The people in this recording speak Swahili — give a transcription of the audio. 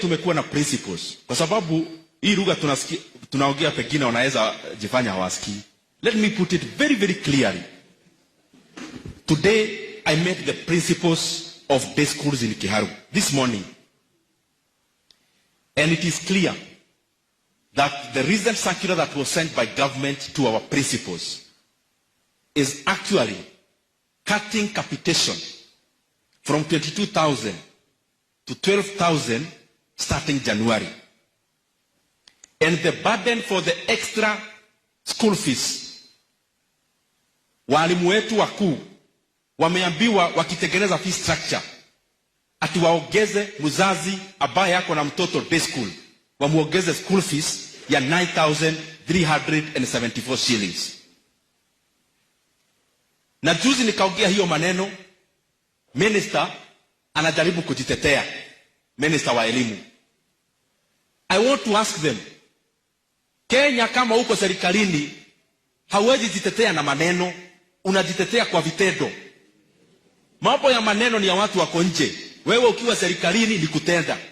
tumekuwa na principles, kwa sababu hii lugha tunaongea pengine wanaweza jifanya hawaski. Let me put it very very clearly. Today I met the principles of day schools in Kiharu this morning. And it is clear that the recent circular that was sent by government to our principals is actually cutting capitation from 22,000 to 12,000 starting January. And the burden for the extra school fees, waalimu wetu wakuu wameambiwa wakitengeneza fee structure ati waongeze mzazi ambaye ako na mtoto day school, wamuogeze school fees ya 9374 shillings. Na juzi nikaongea hiyo maneno, minister anajaribu kujitetea, minister wa elimu I want to ask them, Kenya kama uko serikalini hauwezi jitetea na maneno, unajitetea kwa vitendo. Mambo ya maneno ni ya watu wako nje, wewe ukiwa serikalini ni kutenda.